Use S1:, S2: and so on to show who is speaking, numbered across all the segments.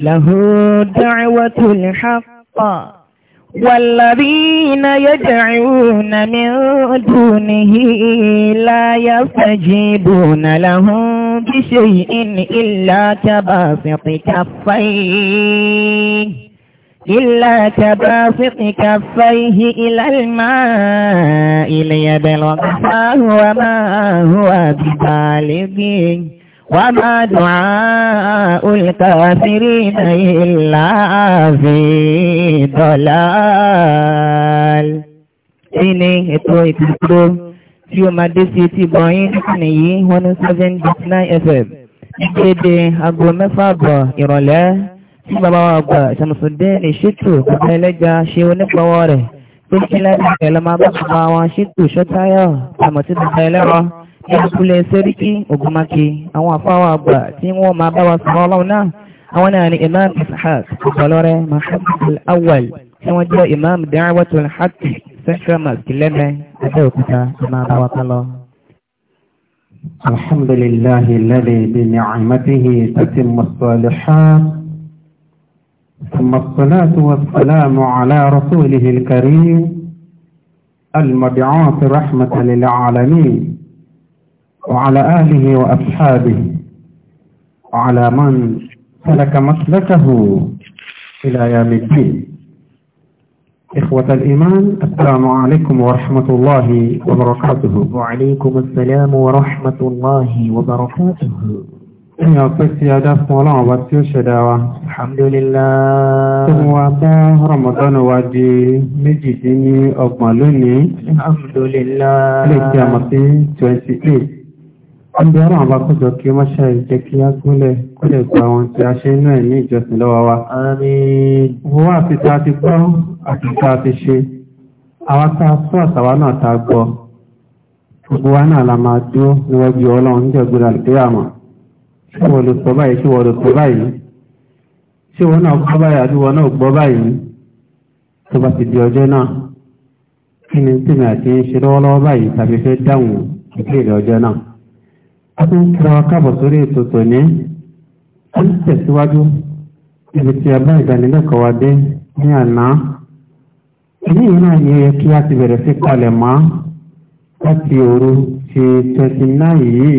S1: له دعوة الحق والذين يدعون من دونه لا يستجيبون لهم بشيء إلا كباسط كفيه إلا كباسط كفيه إلى الماء ليبلغ فهو ما هو ببالغه وما دعاء الكافرين إلا في ضلال Ini ètò ìtìkúrò tí ó máa dé sí ti bọ̀yìn nìkanì yìí 107.9 FM. Ìgbéde aago mẹ́fà bọ̀ ìrọ̀lẹ́ tí bàbá wa gbà ṣàmùsùndé ní ṣètò bàbá ẹlẹ́jà ṣe onípọ̀wọ́ rẹ̀ tó kí lẹ́gbẹ̀ẹ́ lọ máa bá bàbá wọn ṣètò ṣọ́táyọ̀ àmọ̀tí bàbá ẹlẹ́rọ ìrùkúlẹ̀ sẹ́ríkí ogunmáke àwọn àfáwà àgbà tí wọ́n máa bá wa sọ̀rọ̀ ọlọ́run náà àwọn náà ni imam ishaq ọ̀pọ̀lọ́rẹ́ mahamud awal tí wọ́n jẹ́ imam da'watul
S2: haqq central mosque lẹ́mẹ́ abẹ́òkúta máa bá wa kálọ. alhamdulillahi alladhi bi ni'matihi tatimmu as-salihat thumma as-salatu was-salamu ala rasulihi al-karim وعلى آله وأصحابه وعلى من سلك مسلكه إلى يوم الدين إخوة الإيمان السلام عليكم ورحمة الله وبركاته وعليكم السلام ورحمة الله وبركاته Ẹni ọ̀pẹ́ tí a dá fún ọlọ́run ọba tí ó ṣẹ̀dá wa.
S1: Alhamdulillah. Tó mú
S2: wa bá Ramadan wa di méjìdínlọ́gbọ̀n lónìí.
S1: Alhamdulillah. Lè tí a
S2: sí 28. Ọdún ọ̀rọ̀ àbá kọjọ kí wọ́n ṣe ìjẹ́ kí á gúnlẹ̀ kó lè gba àwọn tí a ṣe inú ẹ̀ ní ìjọsìn lọ́wọ́ wa. Owó àti ta ti gbọ́ àti ta ti ṣe, àwọn ta sọ àtàwà náà ta gbọ́. Gbogbo wa náà la máa dúró níwájú Ọlọ́run ní ìjọgbìnrin àlùkíyàmọ̀. Ṣé wọ́n lè sọ báyìí? Ṣé wọ́n lè sọ báyìí? Ṣé wọ́n náà gbọ́ báyìí àbí wọ́n náà gbọ́ a ti ń kíra wa káàbọ̀ sórí ètò tòní a ń tẹ̀síwájú ibi tí a bá ìdánilẹ́kọ̀ọ́ wa dé ní àná èyí yìí náà yẹ kí a ti bẹ̀rẹ̀ sí palẹ̀ mọ́ láti òru ti twenty nine yìí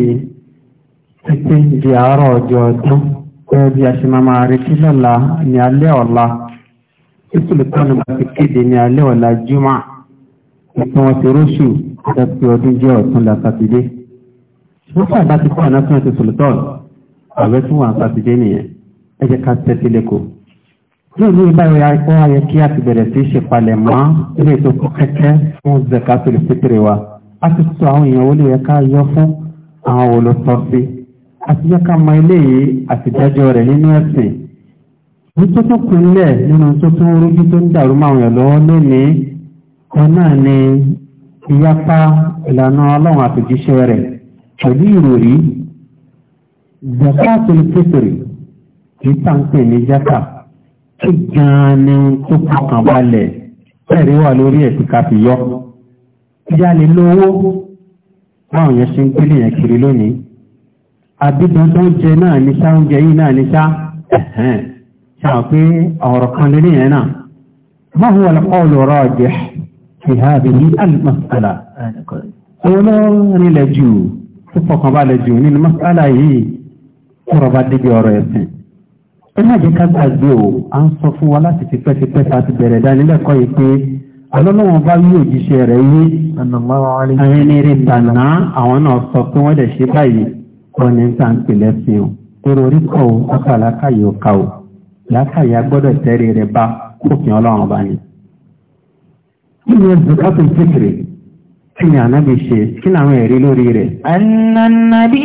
S2: títí di àárọ̀ ọjọ́ ọdún pé bí a ṣe máa máa retí lọ́la ní alẹ́ ọ̀la ìpìlẹ̀ tọ́nu bá ti kéde ní alẹ́ ọ̀la jùmọ̀ ìpín wọn ti àti ọdún jẹ́ ọ̀tún làtàkìdé. Bọ́sà bá ti kọ́ ànáfíà ti Sultan, ààrẹ tún wà sátidé nìyẹn, ẹ jẹ́ ká tẹ́tí lẹ́kọ̀ọ́. Yóò ní ìbá ìwé ayọ́ ayẹ kí a ti bẹ̀rẹ̀ sí ṣe palẹ̀ mọ́ ilé ètò kẹ́kẹ́ fún Zakatul Fitri wa. A ti sọ àwọn èèyàn olè yẹ ká yọ fún àwọn olùsọ́sí. A ti yẹ ká mọ ilé yìí àtìdájọ́ rẹ̀ nínú ẹ̀sìn. Ní tó tó kúnlẹ̀ nínú tó tó rújú tó ń dàrú máwọn èèyàn lọ́wọ́ lónìí, kan náà ni ìyapa ìlànà ọlọ́run àtòjíṣẹ́ rẹ̀ pẹ̀lú ìròrí zakatul fitri kì í tàǹpẹ̀ ní jaka tí gan-an ni tó kọkàn balẹ̀ ẹ̀rí wà lórí ẹ̀sìn káfí yọ. ìyá lè lo owó báwọn yẹn ṣe ń gbélé yẹn kiri lónìí. àbídán tó ń jẹ náà ní sá oúnjẹ yìí náà ní sá ẹ̀hẹ́n ṣáà pé ọ̀rọ̀ kan lórí yẹn náà. ما هو القول الراجح في هذه المسألة؟ أولا لجوء tó fọkàn balẹ̀ jù nínú mọ́sálà yìí kúrọ̀ bá débi ọ̀rọ̀ ẹ̀sìn. ẹ má jẹ́ ká gbàgbé o à ń sọ fún wa láti ti pẹ́ ti pẹ́ ta ti bẹ̀rẹ̀ dánilẹ́kọ̀ọ́ yìí pé alọ́lọ́wọ́n bá yí òjíṣẹ́ rẹ̀ yé àwọn ẹni rí tànà àwọn náà sọ pé wọ́n dẹ̀ ṣe báyìí wọ́n ní ta ń pèlẹ́ sí o èrò orí kọ́ o ọkọ̀ alákàyè ò ká o làákàyè agbọ́dọ̀ tẹ́rì rẹ̀ bá kófin ọlọ́run bá ní. kí ni ẹ̀sùn Kí ni ànábì ṣe? Kí ni àwọn ẹ̀rí lórí rẹ̀?
S1: Ànànàbí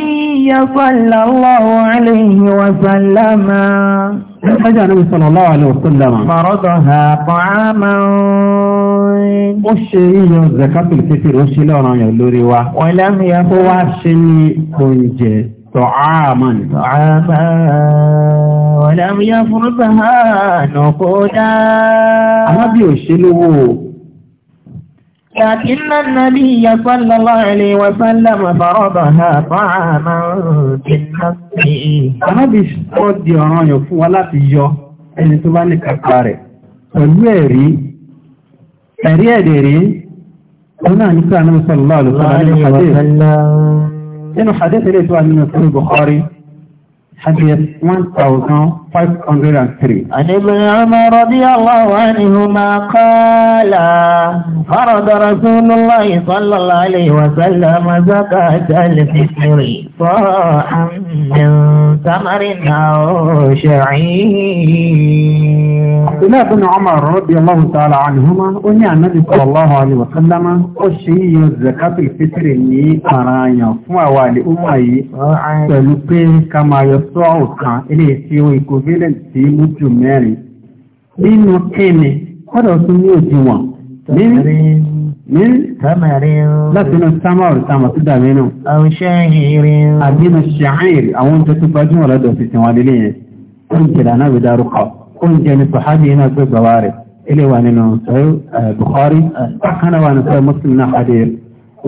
S1: yẹ sallallahu alayhi wa sallama.
S2: Ẹgbẹ́jọ́ ànábì sallallahu alayhi wa sallama. Mọ̀rọ́dọ̀ ha pàámà ó ṣe yíyọ zakatul fitr ó ṣe lọ́rọ̀ yàn lórí wa. Wọ́n lẹ́nu yẹ kó wá ṣe ní oúnjẹ طعاما طعاما ولم يفرضها نقودا. Ànábì ò
S1: لكن النبي صلى الله عليه وسلم ضربها
S2: طعاما في النصر Ànábì sọ di ọ̀ràn yàn fún wa láti yọ ẹni tó bá ní kàkà rẹ̀ pẹ̀lú ẹ̀rí ẹ̀rí ẹ̀dẹ̀ rí òun náà nípa Ànábì sallallahu alaihi wa sallam nínú hadith ilé tó wà nínú Bukhari hadith 1000 503 عن ابن عمر رضي الله عنهما قال
S1: فرض رسول الله صلى الله عليه وسلم زكاة
S2: الفطر صاعا من تمر أو شعير إلى بن عمر رضي الله تعالى عنهما وني النبي صلى الله عليه وسلم أشي زكاة الفطر ni أرايا fún àwa àlè ó máa yìí pẹ̀lú pé ká máa yọ sọ́ọ̀kan eléyìí tí ó ikú surveillance sí mútu mẹ́rin nínú kẹ́ni kọ́dọ̀ tún ní òdiwọ̀n látinú samáwòrì samáwò tó dàbí nù. àbínú ṣàáìrì àwọn oúnjẹ tó gbajúmọ̀ lọ́dọ̀ sí tiwọn lílé yẹn oúnjẹ lànà bí dárúkọ oúnjẹ ni sọ̀hábì iná gbé gbàwá rẹ̀ ilé wa nínú sọ̀rọ̀ eh, Bukhari bákan náà wà ní sọ̀rọ̀ Muslim náà hadith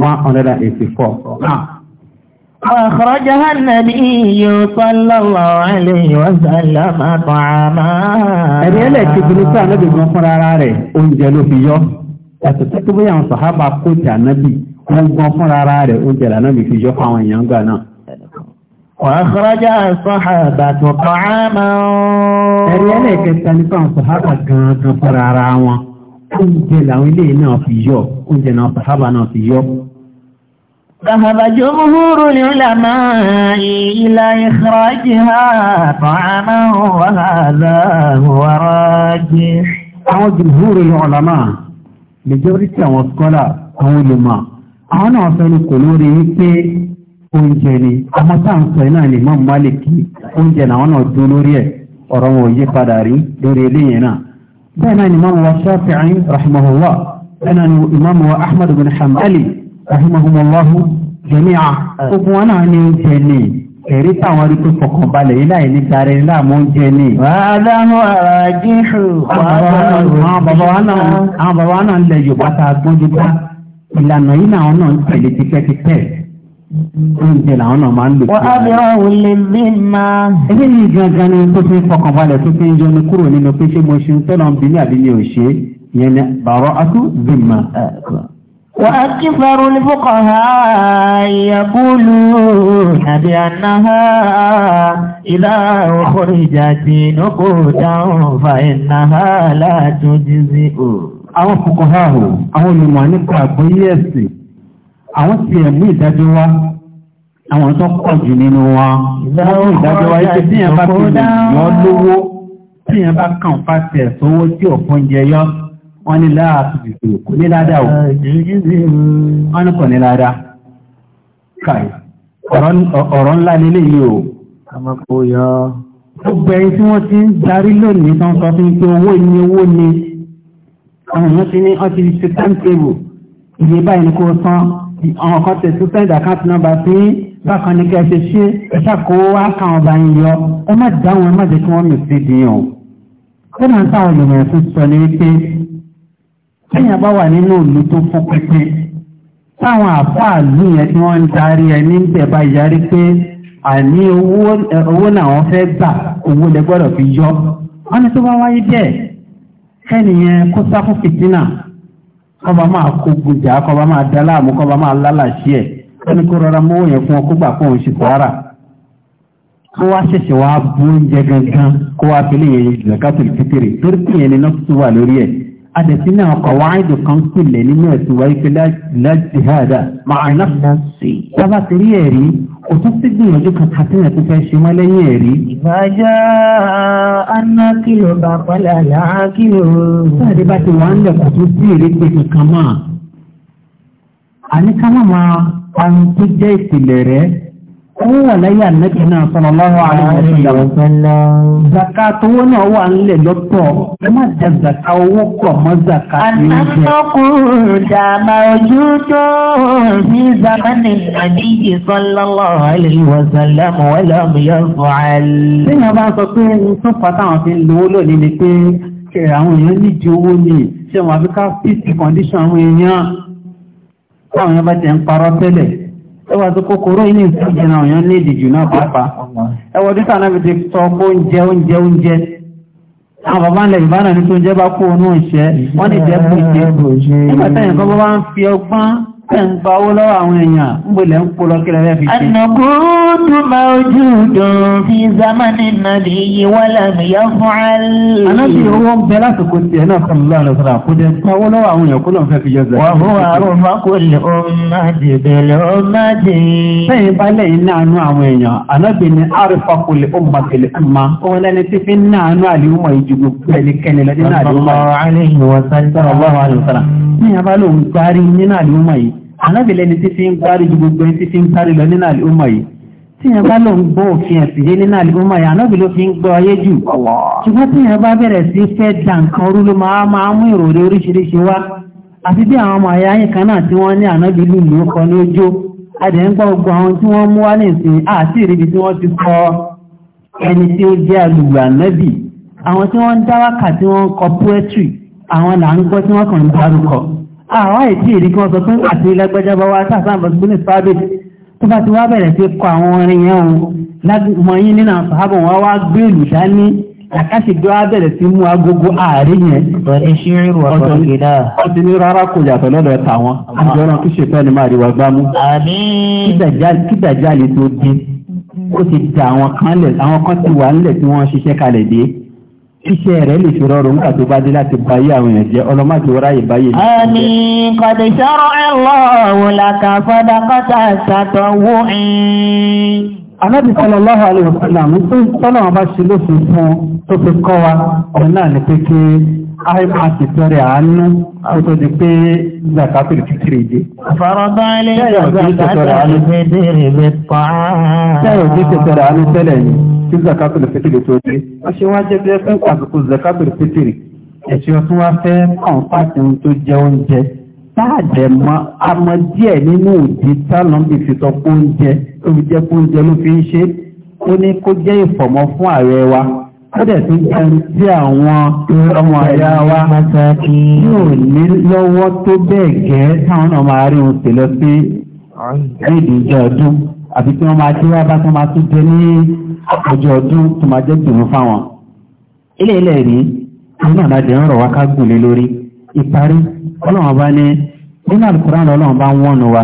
S2: one hundred and eighty four.
S1: أخرجها النبي صلى الله عليه وسلم
S2: طعاما
S1: ẹ̀rí ẹlẹ́ẹ̀kejì sáà nábì
S2: gan fúnra ara rẹ̀ oúnjẹ ló fi yọ yàtọ̀ tó bóyá àwọn sàhábà kó tà nábì wọ́n gan fúnra ara rẹ̀ oúnjẹ là nábì fi yọ fáwọn èèyàn gbà náà. وأخرجها الصحابة طعاما ẹ̀rí ẹlẹ́ẹ̀kẹta ní fáwọn sàhábà gan fúnra ara wọn oúnjẹ làwọn ilé náà fi yọ oúnjẹ náà sàhábà náà fi yọ. ذهب جمهور
S1: العلماء إلى إخراجها طعما وهذا
S2: هو راجح àwọn jùmúrù ìrọ̀lámà majority àwọn skọ́lá àwọn olùmọ̀ àwọn náà fẹ́nu kò lórí wípé oúnjẹ ni amọ́sáǹsọ̀ iná ni mọ́ málìkì oúnjẹ náà náà dún lórí ẹ̀ ọ̀rọ̀ wọn yí padà rí lórí eléyìn náà bẹ́ẹ̀ náà ni mọ́mọ́ wa Shafi'i rahimahullah bẹ́ẹ̀ ni imam wa Ahmad bin Hanbali rahimahumullahu jami'a ah. gbogbo wọn náà ní oúnjẹ ní ẹ̀rí táwọn rí tó fọkàn balẹ̀ yìí láì ní darí láàmú oúnjẹ ní. wàhálàmú àràjíhù àwọn bàbá náà lẹ yorùbá tá a gbójú bá ìlànà yìí náà náà ń tẹ̀lé tipẹ́tipẹ́ oúnjẹ làwọn náà máa ń lò. wọ́n á bí ọ̀hún lè bí máa. ẹgbẹ́ yìí gangan ni tó fi ń fọkàn balẹ̀ tó fi ń yọnu kúrò nínú pé ṣé mo ṣe ń tọ́lọ́ bí ní àbí mi ò é yẹn ni bàrọ̀ atú máa.
S1: وأكثر الفقهاء يقولون بأنها إذا أخرجت
S2: نقودا فإنها لا تجزئ àwọn fòkòháhù àwọn olùmọ̀ nípa àgbóyé ẹ̀sìn àwọn tí ẹ̀mú ìdájọ́ wá àwọn tó pọ̀ jù nínú wọn láwọn ìdájọ́ wá ipé tí ẹ̀ bá ti lè yọ́ lówó tí ẹ̀ bá kàn pàtẹ̀ sówó tí ò fún jẹ yọ́ wọ́n ní láàtù ìfò kò ní ládá o wọ́n ní kò ní ládá kàì ọ̀rọ̀ ńlá nílé yìí o gbogbo ẹ̀yìn tí wọ́n ti ń darí lónìí tán sọ fún pé owó ni owó ni àwọn èèyàn ti ní wọ́n ti ṣe táǹtébù iye báyìí ni kò san àwọn kan tẹ̀ tó send account number sí bákan ní kẹ́ ṣe ṣe ṣàkówó wá káwọn bá ń yọ ẹ má dáhùn ẹ má jẹ́ kí wọ́n mì sí ìdíyàn ó máa ń táwọn olùmọ̀ ẹ̀sùn sọ ní wípé téèyàn bá wà nínú ìlú tó fún pínpín táwọn àfáà lù yẹn tí wọ́n ń darí ẹ ní bẹ̀ bá pé àní owó fẹ́ fi yọ wọ́n ní tó bá wáyé bẹ́ẹ̀ kẹ́nìyẹn kó sá fìtínà kọ́ba máa kó gbèjà kọ́ba máa láàmú kọ́ba máa kó rọra mówó yẹn fún ọ kó gbà fún òun kó wá ṣẹ̀ṣẹ̀ wá bú oúnjẹ gangan kó wá fi torí pé adẹ̀sínà ọkọ̀ wáìdù kan sílẹ̀ nínú ẹ̀sùn wáyé pé lájìhádà máa náà sí. sábà ti rí ẹ̀rí kò tún sí gbìyànjú kankan tí wọ́n ti fẹ́ ṣe mọ́ lẹ́yìn ẹ̀rí. ìbájá aná kìlọ̀ bá pálá làákìlọ̀. sáàdé bá ti wà ń lẹ̀ kò tún sí èrè pé kankan máa. àníkàmọ́ máa ohun tó jẹ́ ìpìlẹ̀ rẹ̀ kúrò lẹ́yìn ànẹ́bí náà sallallahu alaihi wasallam. Zaka tó wọ́n náà wà nílẹ̀ lọ́tọ̀, ẹ má jẹ zaka owó pọ̀ mọ́ zaka tí ó jẹ. Àtàkùn dàmà ojú tó
S1: ní zamani àwọn fi ń àwọn èèyàn
S2: nídìí owó ni ṣé wọn àfi ká fit àwọn èèyàn. Táwọn èèyàn bá ti ń parọ́ tẹ́lẹ̀. ẹwà tó kòkòrò inú ìjẹna òyàn lédì jù náà pàápàá ẹwà tó tàà náà fi ti sọ pé oúnjẹ oúnjẹ oúnjẹ àwọn bàbá ń lẹ́yìn bá ní tó oúnjẹ bá kó onú ìṣẹ́ wọ́n ní jẹ́ kó ìṣẹ́ ń gba owó lọ́wọ́ àwọn èèyàn ń gbèlẹ̀ ń pọ̀ lọ́kẹ́lẹ̀ rẹ̀ fi ṣe.
S1: ànàkó tó máa ojú dùn fi zamani nàbí iye wà lámìyá
S2: fún àlè. anábì owó ń bẹ lásìkò tiẹ̀ náà fún mi lọ́nà sọ́ra kó jẹ́ gba owó lọ́wọ́ àwọn èèyàn kó lọ́n fẹ́ fi yọ zẹ̀. wà á wà á rọ̀mà kò lè ọmọ dìbẹ̀lẹ̀ yìí anábìlẹ̀ ni tí fi ń gbárí ju gbogbo tí fi ń gbárí lọ nínú àlùmọ̀ yìí tí yẹn bá lọ ń gbọ́ òfin ẹ̀sìn yé nínú àlùmọ̀ yìí anábìlẹ̀ fi ń gbọ́ ayé jù ṣùgbọ́n tí yẹn bá bẹ̀rẹ̀ sí fẹ́ da nǹkan orú ló máa máa mú ìròrí oríṣiríṣi wá àti bí àwọn ọmọ ayé ayé kan náà tí wọ́n ní anábìlẹ̀ ló kọ ní ojó adẹ̀ ń gbọ́ gbogbo àwọn tí wọ́n mú wá ní àti ìrìbí àwọn àìtí ìrí kí wọ́n sọ pín àti ilágbẹ́jábá wá sáàsáàbà gbóní sábẹ̀ tó bá ti wá bẹ̀rẹ̀ sí kọ àwọn orin yẹn mọ̀yín nínú àṣàbọ̀ wọ́n wá gbé olùdá ní àkáṣìgbé wá bẹ̀rẹ̀ sí mú agogo ààrẹ yẹn ọ̀tọ̀ ní rárá kò yàtọ̀ lọ́dọ̀ ẹ̀ta wọn iṣẹ́ rẹ̀ lè fi rọrùn nígbà tó bá dé láti báyé àwọn èèyàn jẹ́ ọlọ́mọdé wọ́rá yìí báyé.
S1: àmì kọ̀dé sọ̀rọ̀ ẹ̀ lọ́wọ́ làkà fọ́dà kọ́tà ṣàtọ̀ wó
S2: ẹ̀ẹ́n. anábì sallallahu alaihi wasallam tó ń tọ́lọ́wọ́n bá ṣe lófin fún tó fi kọ́ wa ọ̀nà ní pé kí àìmọ̀ àtìtọ́rẹ̀ àánú ó tó di pé zakatiri fitiri dé. farabalẹ̀ zakatiri fitiri lè pa á. sẹ́yìn tí tẹ̀tẹ̀rẹ̀ àánú tẹ́lẹ̀ ni tí zakatiri fitiri tó dé. wọ́n ṣe wá jẹ́ bẹ́ẹ̀ fún àsìkò zakatiri fitiri ẹ̀sìn ọtún wá fẹ́ kàn fáṣí ohun tó jẹ oúnjẹ táàdẹ̀ mọ́ amọ̀ díẹ̀ nínú òdì tálọ́mbì fi sọ pé oúnjẹ ó fi jẹ́ pé oúnjẹ ló fi ń ṣe ó ní kó jẹ́ ìfọ̀mọ́ fún ààrẹ wa. Ọdẹ̀ tí ẹni tí àwọn ọmọ ẹ̀yà wa yóò ní lọ́wọ́ tó bẹ́ẹ̀ gẹ́ táwọn náà máa rí oṣù lọ sí ẹ̀ẹ́dì ìjọ ọdún àbí tí wọ́n máa tí wá bá tó máa tún jẹ ní ọjọ́ ọdún tó máa jẹ́ gbìmú fáwọn. Ilé ilẹ̀ rí, àwọn náà láti ń rọ̀ wá ká gùn lé lórí. Ìparí, Ọlọ́run bá ní, nínú àlùkùránì Ọlọ́run bá ń wọ́nu wa.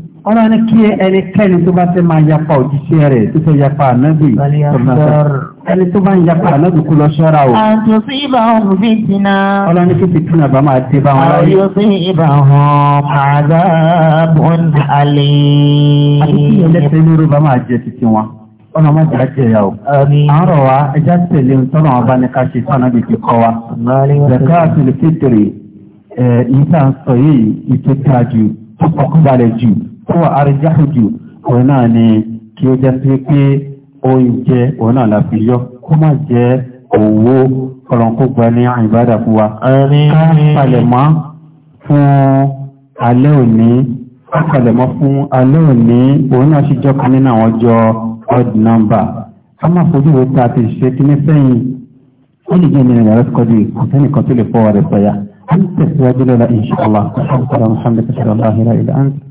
S2: ọ̀rọ̀ ni kí ẹnikẹ́ni tó bá fẹ́ máa yapa òjíṣẹ́ rẹ̀ tó fẹ́ yapa ànábì ẹni tó bá ń yapa ànábì kú lọ ṣọ́ra o. àtò
S1: sí ibà ọ̀hún fi jìnnà. ọ̀rọ̀ ni kí fìtínà bá máa dé bá wọn láyé. àyò sí ibà ọ̀hún
S2: àdábùn àlè. àti kí ẹlẹ́sẹ̀ lóró bá máa jẹ títí wọn ọ̀nà máa jẹ́ àjẹ́ ìyá o. àárọ̀ wa ẹja tẹ̀lé tọ́nà ọba ní ká ṣe tọ́nà bìbí kọ́ wa. zaka àtìlẹ́fẹ̀tẹ̀rẹ̀ ìyíta sọ yìí ìtẹ́tà ju ọkùnbalẹ̀ ju tó àríjáhù jù òun náà ni kí ó jẹ́ sí pé oúnjẹ òun náà la fi yọ kó má jẹ́ owó ọ̀rọ̀kó gba ní ìbádà fún wa káàpàlẹ̀mọ́ fún alẹ́ òní káàpàlẹ̀mọ́ fún alẹ́ òní òun náà sì jọ́ kan nínú àwọn ọjọ́ odd number ká má fojú wo ta ti ṣe kíní sẹ́yìn ó lè jẹ́ ìrìnà rẹ̀ kọjú kò sẹ́nìkan tó lè fọwọ́ rẹ̀ sọ́yà. هل تسواجد لا إن شاء الله الحمد لله محمد صلى الله عليه وسلم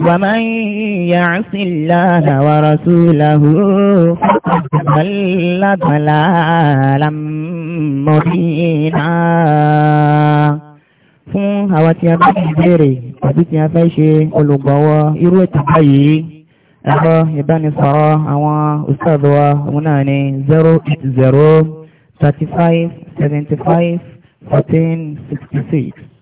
S1: ومن يعص الله ورسوله فقد ضل ضلالا مبينا fún àwọn tí a bá ti béèrè àbí tí a fẹ́ ṣe olùgbọ̀wọ́ irú ètò báyìí ẹ̀rọ ìbánisọ̀rọ̀ àwọn ustadh òun náà ni 080 35 75 14 66